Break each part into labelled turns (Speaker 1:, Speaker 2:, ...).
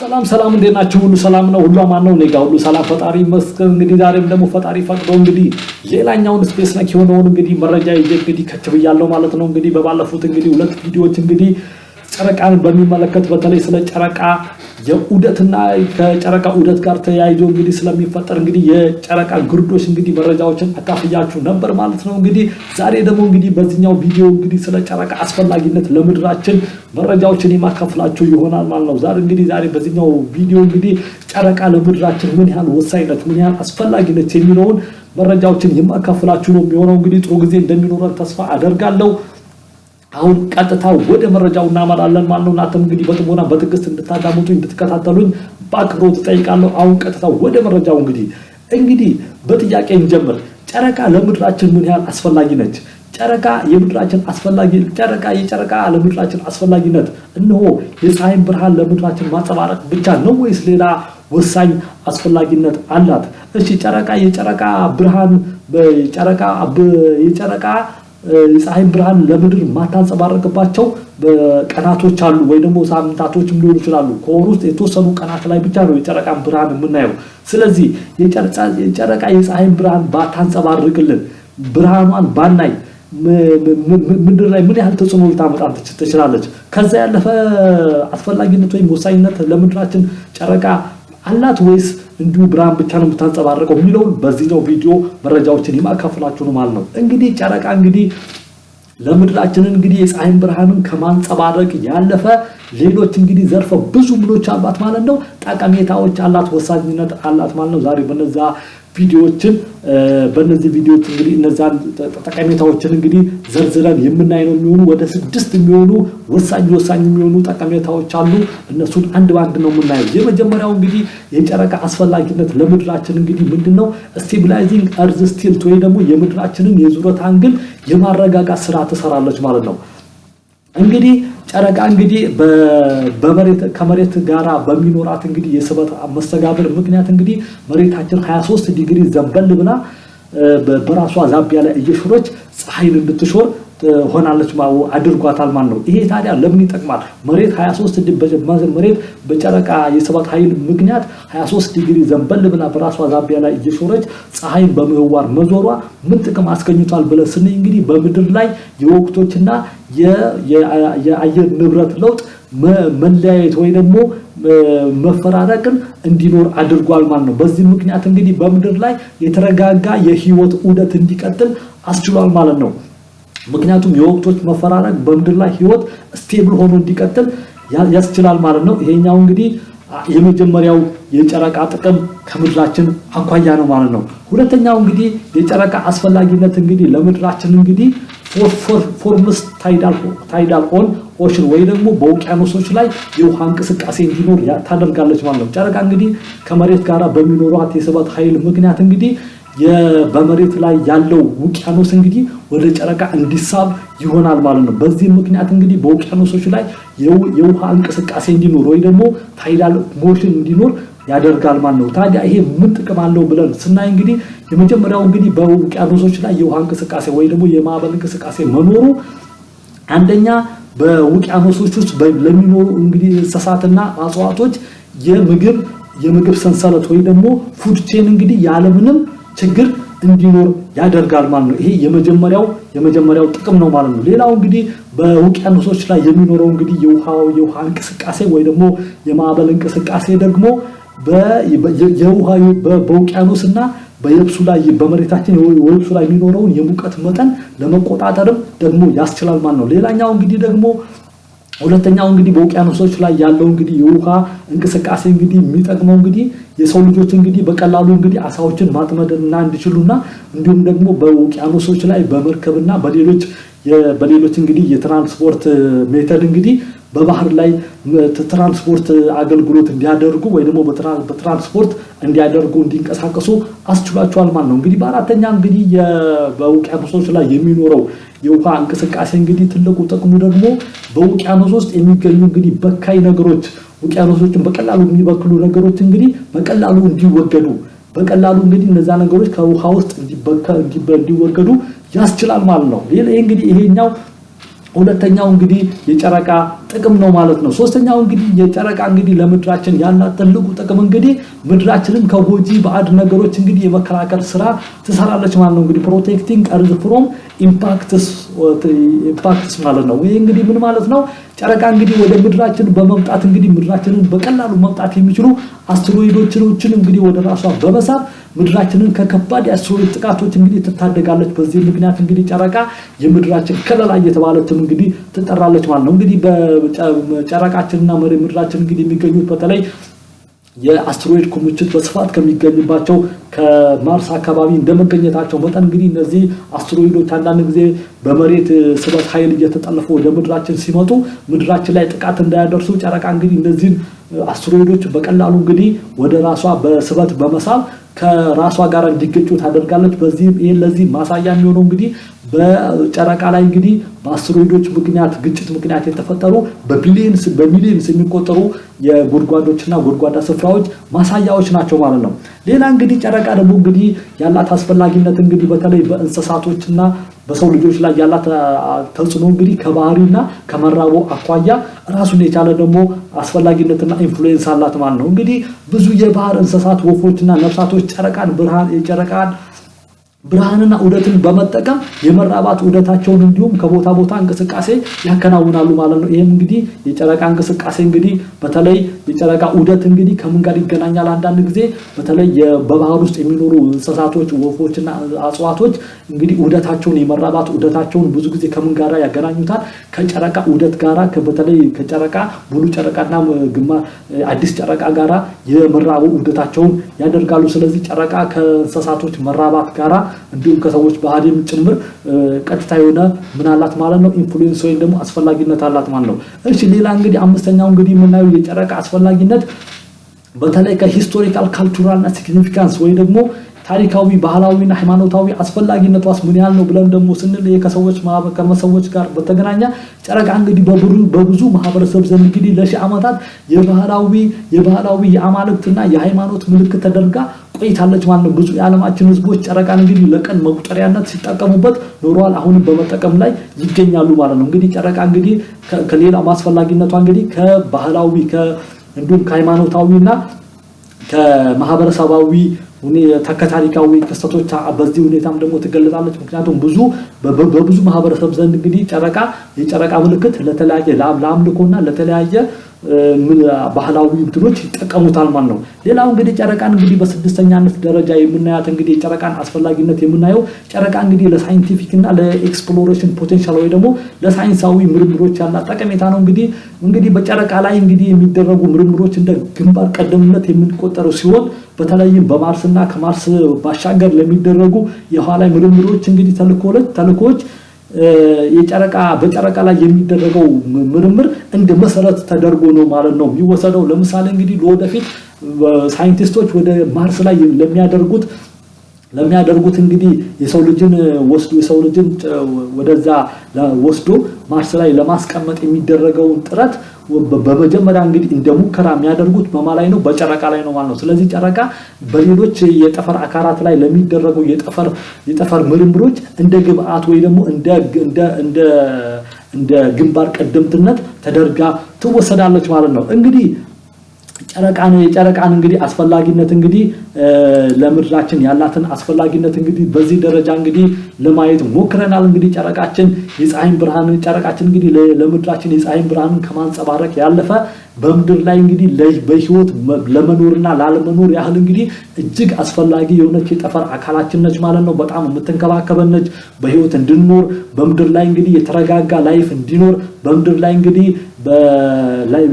Speaker 1: ሰላም ሰላም፣ እንዴት ናችሁ? ሁሉ ሰላም ነው፣ ሁሉ አማን ነው። እኔ ጋር ሁሉ ሰላም፣ ፈጣሪ ይመስገን። እንግዲህ ዛሬም ደግሞ ፈጣሪ ፈቅዶ እንግዲህ ሌላኛውን ስፔስ ነክ የሆነውን እንግዲህ መረጃ ይዤ እንግዲህ ከች ብያለሁ ማለት ነው። እንግዲህ በባለፉት እንግዲህ ሁለት ቪዲዮዎች እንግዲህ ጨረቃን በሚመለከት በተለይ ስለ ጨረቃ የዑደትና ከጨረቃ ዑደት ጋር ተያይዞ እንግዲህ ስለሚፈጠር እንግዲህ የጨረቃ ግርዶች እንግዲህ መረጃዎችን አካፍያችሁ ነበር ማለት ነው። እንግዲህ ዛሬ ደግሞ እንግዲህ በዚህኛው ቪዲዮ እንግዲህ ስለ ጨረቃ አስፈላጊነት ለምድራችን መረጃዎችን የማካፍላችሁ ይሆናል ማለት ነው። ዛሬ እንግዲህ ዛሬ በዚኛው ቪዲዮ እንግዲህ ጨረቃ ለምድራችን ምን ያህል ወሳኝነት ምን ያህል አስፈላጊነት የሚለውን መረጃዎችን የማካፍላችሁ ነው የሚሆነው። እንግዲህ ጥሩ ጊዜ እንደሚኖረን ተስፋ አደርጋለሁ። አሁን ቀጥታ ወደ መረጃው እናመራለን ማለት ነው። እናንተም እንግዲህ በጥሞና በትዕግስት እንድታዳምጡኝ እንድትከታተሉኝ በአክብሮት እጠይቃለሁ። አሁን ቀጥታ ወደ መረጃው እንግዲህ እንግዲህ በጥያቄ እንጀምር። ጨረቃ ለምድራችን ምን ያህል አስፈላጊ ነች? ጨረቃ የምድራችን አስፈላጊ ጨረቃ የጨረቃ ለምድራችን አስፈላጊነት እነሆ የፀሐይን ብርሃን ለምድራችን ማንጸባረቅ ብቻ ነው ወይስ ሌላ ወሳኝ አስፈላጊነት አላት? እሺ ጨረቃ የጨረቃ ብርሃን የጨረቃ የፀሐይ ብርሃን ለምድር ማታንጸባረቅባቸው ቀናቶች አሉ፣ ወይ ደግሞ ሳምንታቶችም ሊሆኑ ይችላሉ። ከወር ውስጥ የተወሰኑ ቀናት ላይ ብቻ ነው የጨረቃን ብርሃን የምናየው። ስለዚህ የጨረቃ የፀሐይን ብርሃን ባታንጸባርቅልን፣ ብርሃኗን ባናይ ምድር ላይ ምን ያህል ተጽዕኖ ልታመጣ ትችላለች? ከዛ ያለፈ አስፈላጊነት ወይም ወሳኝነት ለምድራችን ጨረቃ አላት ወይስ እንዲሁ ብርሃን ብቻ ነው የምታንጸባረቀው የሚለው በዚህኛው ቪዲዮ መረጃዎችን የማካፍላችሁ ነው ማለት ነው። እንግዲህ ጨረቃ እንግዲህ ለምድራችን እንግዲህ የፀሐይን ብርሃንን ከማንጸባረቅ ያለፈ ሌሎች እንግዲህ ዘርፈ ብዙ ምኖች አላት ማለት ነው። ጠቀሜታዎች አላት፣ ወሳኝነት አላት ማለት ነው። ዛሬ በነዛ ቪዲዮዎችን በእነዚህ ቪዲዮዎች እንግዲህ እነዛን ጠቀሜታዎችን እንግዲህ ዘርዝረን የምናይ ነው የሚሆኑ ወደ ስድስት የሚሆኑ ወሳኝ ወሳኝ የሚሆኑ ጠቀሜታዎች አሉ። እነሱን አንድ በአንድ ነው የምናየው። የመጀመሪያው እንግዲህ የጨረቃ አስፈላጊነት ለምድራችን እንግዲህ ምንድን ነው? ስቴቢላይዚንግ እርዝ ስቲልት ወይ ደግሞ የምድራችንን የዙረት አንግል የማረጋጋት ስራ ትሰራለች ማለት ነው። እንግዲህ ጨረቃ እንግዲህ በመሬት ከመሬት ጋራ በሚኖራት እንግዲህ የስበት መስተጋብር ምክንያት እንግዲህ መሬታችን 23 ዲግሪ ዘንበል ብላ በራሷ ዛቢያ ላይ እየሾረች ፀሐይን እንድትሾር ሆናለች አድርጓታል ማለት ነው። ይሄ ታዲያ ለምን ይጠቅማል? መሬት 23 መሬት በጨረቃ የሰባት ኃይል ምክንያት 23 ዲግሪ ዘንበል ብላ በራሷ ዛቢያ ላይ እየሾረች ፀሐይን በምህዋር መዞሯ ምን ጥቅም አስገኝቷል ብለን ስንይ እንግዲህ በምድር ላይ የወቅቶችና የአየር ንብረት ለውጥ መለያየት ወይ ደግሞ መፈራረቅን እንዲኖር አድርጓል ማለት ነው። በዚህ ምክንያት እንግዲህ በምድር ላይ የተረጋጋ የህይወት ዑደት እንዲቀጥል አስችሏል ማለት ነው። ምክንያቱም የወቅቶች መፈራረቅ በምድር ላይ ህይወት ስቴብል ሆኖ እንዲቀጥል ያስችላል ማለት ነው። ይሄኛው እንግዲህ የመጀመሪያው የጨረቃ ጥቅም ከምድራችን አኳያ ነው ማለት ነው። ሁለተኛው እንግዲህ የጨረቃ አስፈላጊነት እንግዲህ ለምድራችን እንግዲህ ፎርምስ ታይዳል ኦን ኦሽን ወይ ደግሞ በውቅያኖሶች ላይ የውሃ እንቅስቃሴ እንዲኖር ታደርጋለች ማለት ነው። ጨረቃ እንግዲህ ከመሬት ጋር በሚኖሯት የስበት ኃይል ምክንያት እንግዲህ በመሬት ላይ ያለው ውቅያኖስ እንግዲህ ወደ ጨረቃ እንዲሳብ ይሆናል ማለት ነው። በዚህ ምክንያት እንግዲህ በውቅያኖሶች ላይ የውሃ እንቅስቃሴ እንዲኖር ወይ ደግሞ ታይዳል ሞሽን እንዲኖር ያደርጋል ማለት ነው። ታዲያ ይሄ ምን ጥቅም አለው ብለን ስናይ እንግዲህ የመጀመሪያው እንግዲህ በውቅያኖሶች ላይ የውሃ እንቅስቃሴ ወይ ደግሞ የማዕበል እንቅስቃሴ መኖሩ አንደኛ በውቅያኖሶች ውስጥ ለሚኖሩ እንግዲህ እንስሳትና እጽዋቶች የምግብ የምግብ ሰንሰለት ወይ ደግሞ ፉድ ቼን እንግዲህ ያለምንም ችግር እንዲኖር ያደርጋል ማለት ነው። ይሄ የመጀመሪያው የመጀመሪያው ጥቅም ነው ማለት ነው። ሌላው እንግዲህ በውቅያኖሶች ላይ የሚኖረው እንግዲህ የውሃው የውሃ እንቅስቃሴ ወይ ደግሞ የማዕበል እንቅስቃሴ ደግሞ የውሃ በውቅያኖስ እና በየብሱ ላይ በመሬታችን የብሱ ላይ የሚኖረውን የሙቀት መጠን ለመቆጣጠርም ደግሞ ያስችላል ማለት ነው። ሌላኛው እንግዲህ ደግሞ ሁለተኛው እንግዲህ በውቅያኖሶች ላይ ያለው እንግዲህ የውሃ እንቅስቃሴ እንግዲህ የሚጠቅመው እንግዲህ የሰው ልጆች እንግዲህ በቀላሉ እንግዲህ አሳዎችን ማጥመድና እንዲችሉና እንዲሁም ደግሞ በውቅያኖሶች ላይ በመርከብና በሌሎች በሌሎች እንግዲህ የትራንስፖርት ሜተድ እንግዲህ በባህር ላይ ትራንስፖርት አገልግሎት እንዲያደርጉ ወይ ደግሞ በትራንስፖርት እንዲያደርጉ እንዲንቀሳቀሱ አስችሏቸዋል ማለት ነው። እንግዲህ በአራተኛ እንግዲህ በውቅያኖሶች ላይ የሚኖረው የውሃ እንቅስቃሴ እንግዲህ ትልቁ ጥቅሙ ደግሞ በውቅያኖስ ውስጥ የሚገኙ እንግዲህ በካይ ነገሮች ውቅያኖሶችን በቀላሉ የሚበክሉ ነገሮች እንግዲህ በቀላሉ እንዲወገዱ በቀላሉ እንግዲህ እነዛ ነገሮች ከውሃ ውስጥ እንዲወገዱ ያስችላል ማለት ነው። ይህ እንግዲህ ይሄኛው ሁለተኛው እንግዲህ የጨረቃ ጥቅም ነው ማለት ነው። ሶስተኛው እንግዲህ የጨረቃ እንግዲህ ለምድራችን ያላት ትልቁ ጥቅም እንግዲህ ምድራችንን ከጎጂ ባዕድ ነገሮች እንግዲህ የመከላከል ስራ ትሰራለች ማለት ነው። እንግዲህ ፕሮቴክቲንግ ርዝ ፍሮም ኢምፓክትስ ማለት ነው። ይህ እንግዲህ ምን ማለት ነው? ጨረቃ እንግዲህ ወደ ምድራችን በመምጣት እንግዲህ ምድራችንን በቀላሉ መምጣት የሚችሉ አስትሮይዶችን እንግዲህ ወደ ራሷ በመሳብ ምድራችንን ከከባድ የአስትሮይድ ጥቃቶች እንግዲህ ትታደጋለች። በዚህ ምክንያት እንግዲህ ጨረቃ የምድራችን ከለላ እየተባለችም እንግዲህ ትጠራለች ማለት ነው እንግዲህ ጨረቃችንና ምድራችን እንግዲህ የሚገኙት በተለይ የአስትሮይድ ክምችት በስፋት ከሚገኝባቸው ከማርስ አካባቢ እንደመገኘታቸው መጠን እንግዲህ እነዚህ አስትሮይዶች አንዳንድ ጊዜ በመሬት ስበት ኃይል እየተጠለፉ ወደ ምድራችን ሲመጡ ምድራችን ላይ ጥቃት እንዳያደርሱ ጨረቃ እንግዲህ እነዚህን አስትሮይዶች በቀላሉ እንግዲህ ወደ ራሷ በስበት በመሳብ ከራሷ ጋር እንዲገጩ ታደርጋለች። በዚህ ለዚህ ማሳያ የሚሆነው እንግዲህ በጨረቃ ላይ እንግዲህ በአስትሮይዶች ምክንያት ግጭት ምክንያት የተፈጠሩ በቢሊየንስ በሚሊየንስ የሚቆጠሩ የጉድጓዶችና ጎድጓዳ ስፍራዎች ማሳያዎች ናቸው ማለት ነው። ሌላ እንግዲህ ጨረቃ ደግሞ እንግዲህ ያላት አስፈላጊነት እንግዲህ በተለይ በእንስሳቶችና በሰው ልጆች ላይ ያላት ተጽዕኖ እንግዲህ ከባህሪና ከመራቦ አኳያ ራሱን የቻለ ደግሞ አስፈላጊነትና ኢንፍሉዌንስ አላት ማለት ነው። እንግዲህ ብዙ የባህር እንስሳት ወፎችና ነፍሳቶች ጨረቃን ብርሃን የጨረቃን ብርሃንና ውደትን በመጠቀም የመራባት ውደታቸውን እንዲሁም ከቦታ ቦታ እንቅስቃሴ ያከናውናሉ ማለት ነው። ይህም እንግዲህ የጨረቃ እንቅስቃሴ እንግዲህ በተለይ የጨረቃ ውደት እንግዲህ ከምን ጋር ይገናኛል? አንዳንድ ጊዜ በተለይ በባህር ውስጥ የሚኖሩ እንስሳቶች ወፎችና እጽዋቶች እንግዲህ ውደታቸውን የመራባት ውደታቸውን ብዙ ጊዜ ከምን ጋራ ያገናኙታል? ከጨረቃ ውደት ጋራ በተለይ ከጨረቃ ሙሉ ጨረቃና አዲስ ጨረቃ ጋራ የመራቡ ውደታቸውን ያደርጋሉ። ስለዚህ ጨረቃ ከእንስሳቶች መራባት ጋራ እንዲሁም ከሰዎች ባህሪም ጭምር ቀጥታ የሆነ ምን አላት ማለት ነው ኢንፍሉዌንስ ወይም ደግሞ አስፈላጊነት አላት ማለት ነው። እሺ ሌላ እንግዲህ አምስተኛው እንግዲህ የምናየው የጨረቃ አስፈላጊነት በተለይ ከሂስቶሪካል ካልቹራልና ሲግኒፊካንስ ወይ ደግሞ ታሪካዊ ባህላዊና ሃይማኖታዊ አስፈላጊነቷስ ምን ያህል ነው ብለን ደግሞ ስንል ከሰዎች ከመሰዎች ጋር በተገናኘ ጨረቃ እንግዲህ በብዙ ማህበረሰብ ዘንድ እንግዲህ ለሺህ ዓመታት የባህላዊ የባህላዊ የአማልክትና የሃይማኖት ምልክት ተደርጋ ቆይታለች ማለት ነው። ብዙ የዓለማችን ህዝቦች ጨረቃን እንግዲህ ለቀን መቁጠሪያነት ሲጠቀሙበት ኖረዋል። አሁንም በመጠቀም ላይ ይገኛሉ ማለት ነው። እንግዲህ ጨረቃ እንግዲህ ከሌላ ማስፈላጊነቷ እንግዲህ ከባህላዊ እንዲሁም ከሃይማኖታዊና ከማህበረሰባዊ ተከታሪካዊ ክስተቶች በዚህ ሁኔታም ደግሞ ትገለጣለች። ምክንያቱም ብዙ በብዙ ማህበረሰብ ዘንድ እንግዲህ ጨረቃ የጨረቃ ምልክት ለተለያየ ለአምልኮና ለተለያየ ባህላዊ እንትኖች ይጠቀሙታል ማለት ነው። ሌላው እንግዲህ ጨረቃን እንግዲህ በስድስተኛነት ደረጃ የምናያት እንግዲህ የጨረቃን አስፈላጊነት የምናየው ጨረቃ እንግዲህ ለሳይንቲፊክ እና ለኤክስፕሎሬሽን ፖቴንሻል ወይ ደግሞ ለሳይንሳዊ ምርምሮች ያላት ጠቀሜታ ነው። እንግዲህ እንግዲህ በጨረቃ ላይ እንግዲህ የሚደረጉ ምርምሮች እንደ ግንባር ቀደምነት የምንቆጠረው ሲሆን በተለይም በማርስ እና ከማርስ ባሻገር ለሚደረጉ የኋላ ምርምሮች እንግዲህ ተልኮች የጨረቃ በጨረቃ ላይ የሚደረገው ምርምር እንደ መሰረት ተደርጎ ነው ማለት ነው የሚወሰደው። ለምሳሌ እንግዲህ ለወደፊት ሳይንቲስቶች ወደ ማርስ ላይ ለሚያደርጉት ለሚያደርጉት እንግዲህ የሰው ልጅን ወስዶ የሰው ልጅን ወደዛ ወስዶ ማርስ ላይ ለማስቀመጥ የሚደረገውን ጥረት በመጀመሪያ እንግዲህ እንደ ሙከራ የሚያደርጉት በማ ላይ ነው፣ በጨረቃ ላይ ነው ማለት ነው። ስለዚህ ጨረቃ በሌሎች የጠፈር አካላት ላይ ለሚደረጉ የጠፈር ምርምሮች እንደ ግብአት ወይ ደግሞ እንደ ግንባር ቀደምትነት ተደርጋ ትወሰዳለች ማለት ነው እንግዲህ ጨረቃን የጨረቃን እንግዲህ አስፈላጊነት እንግዲህ ለምድራችን ያላትን አስፈላጊነት እንግዲህ በዚህ ደረጃ እንግዲህ ለማየት ሞክረናል። እንግዲህ ጨረቃችን የፀሐይን ብርሃን ጨረቃችን እንግዲህ ለምድራችን የፀሐይን ብርሃንን ከማንጸባረቅ ያለፈ በምድር ላይ እንግዲህ በህይወት ለመኖርና ላለመኖር ያህል እንግዲህ እጅግ አስፈላጊ የሆነች የጠፈር አካላችን ነች ማለት ነው። በጣም የምትንከባከበን ነች። በህይወት እንድንኖር በምድር ላይ እንግዲህ የተረጋጋ ላይፍ እንዲኖር በምድር ላይ እንግዲህ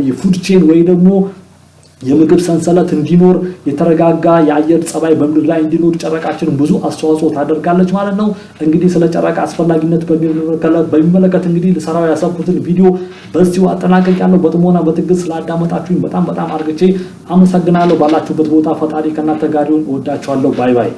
Speaker 1: የፉድ ቼን ወይ ደግሞ የምግብ ሰንሰለት እንዲኖር የተረጋጋ የአየር ጸባይ በምድር ላይ እንዲኖር ጨረቃችን ብዙ አስተዋጽኦ ታደርጋለች ማለት ነው። እንግዲህ ስለ ጨረቃ አስፈላጊነት በሚመለከት እንግዲህ ልሰራው ያሰብኩትን ቪዲዮ በዚሁ አጠናቀቅ ያለው በጥሞና በትዕግስት ስላዳመጣችሁኝ በጣም በጣም አርግቼ አመሰግናለሁ። ባላችሁበት ቦታ ፈጣሪ ከእናንተ ጋር ይሁን። እወዳችኋለሁ። ባይ ባይ